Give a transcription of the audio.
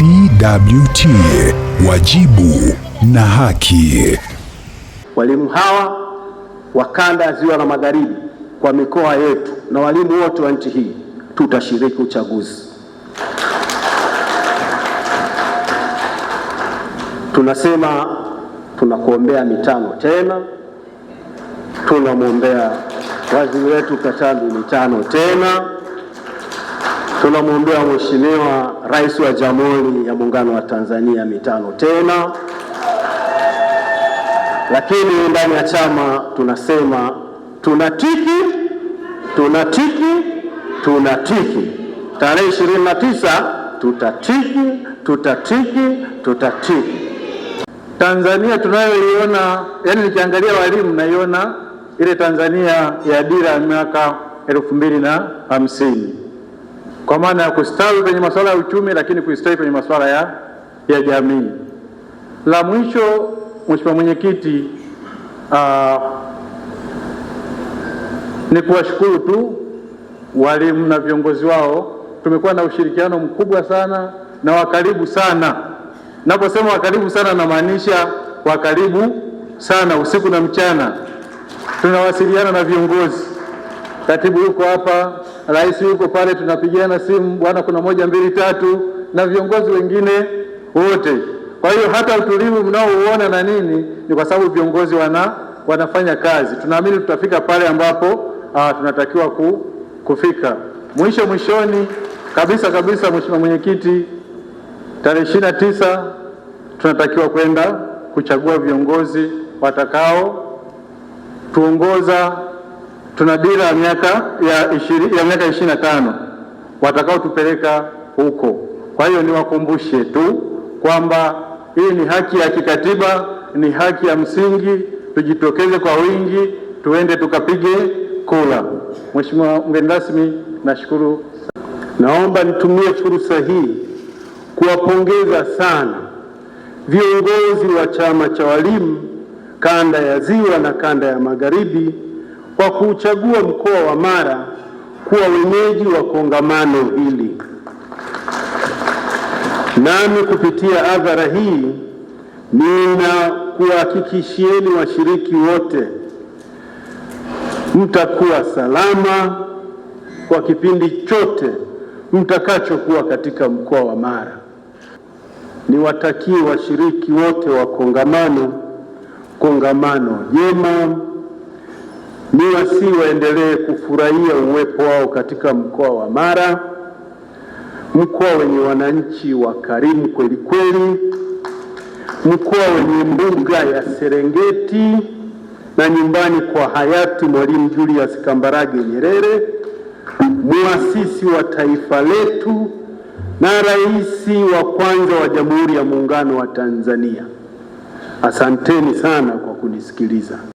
CWT wajibu na haki. Walimu hawa wa kanda ya ziwa la magharibi kwa mikoa yetu na walimu wote wa nchi hii tutashiriki uchaguzi. Tunasema tunakuombea mitano tena, tunamwombea waziri wetu Katambi mitano tena. Tunamwombea Mheshimiwa Rais wa Jamhuri ya Muungano wa Tanzania mitano tena, lakini ndani ya chama tunasema tunatiki, tunatiki, tunatiki. Tarehe ishirini na tisa tutatiki, tutatiki, tutatiki. Tanzania tunayoiona, yani nikiangalia walimu naiona ile Tanzania ya dira ya miaka elfu mbili na hamsini kwa maana ya kustawi kwenye masuala ya uchumi, lakini kuistawi kwenye masuala ya, ya jamii. La mwisho, Mheshimiwa Mwenyekiti, uh, ni kuwashukuru tu walimu na viongozi wao. Tumekuwa na ushirikiano mkubwa sana na wakaribu sana. Naposema wakaribu sana, namaanisha wakaribu sana usiku na mchana, tunawasiliana na viongozi katibu yuko hapa, rais yuko pale, tunapigiana simu, bwana, kuna moja mbili tatu, na viongozi wengine wote. Kwa hiyo hata utulivu mnaouona na nini ni kwa sababu viongozi wana, wanafanya kazi. Tunaamini tutafika pale ambapo aa, ah, tunatakiwa ku, kufika mwisho mwishoni kabisa kabisa. Mheshimiwa Mwenyekiti, tarehe ishirini na tisa tunatakiwa kwenda kuchagua viongozi watakao tuongoza tuna dira ya miaka ya ishirini ya miaka ishirini na tano watakaotupeleka huko. Kwa hiyo niwakumbushe tu kwamba hii ni haki ya kikatiba, ni haki ya msingi. Tujitokeze kwa wingi, tuende tukapige kula Mheshimiwa mgeni rasmi, nashukuru. Naomba nitumie fursa hii kuwapongeza sana viongozi wa chama cha walimu kanda ya Ziwa na kanda ya Magharibi kwa kuuchagua mkoa wa Mara kuwa wenyeji wa kongamano hili. Nami kupitia adhara hii ninakuhakikishieni washiriki wote mtakuwa salama kwa kipindi chote mtakachokuwa katika mkoa wa Mara. Niwatakie washiriki wote wa kongamano kongamano jema ni wasi waendelee kufurahia uwepo wao katika mkoa wa Mara, mkoa wenye wananchi karimu kweli kweli, mkoa wenye mbuga ya Serengeti na nyumbani kwa hayati Mwalimu Julius Kambarage Nyerere, muasisi wa taifa letu na rais wa kwanza wa Jamhuri ya Muungano wa Tanzania. Asanteni sana kwa kunisikiliza.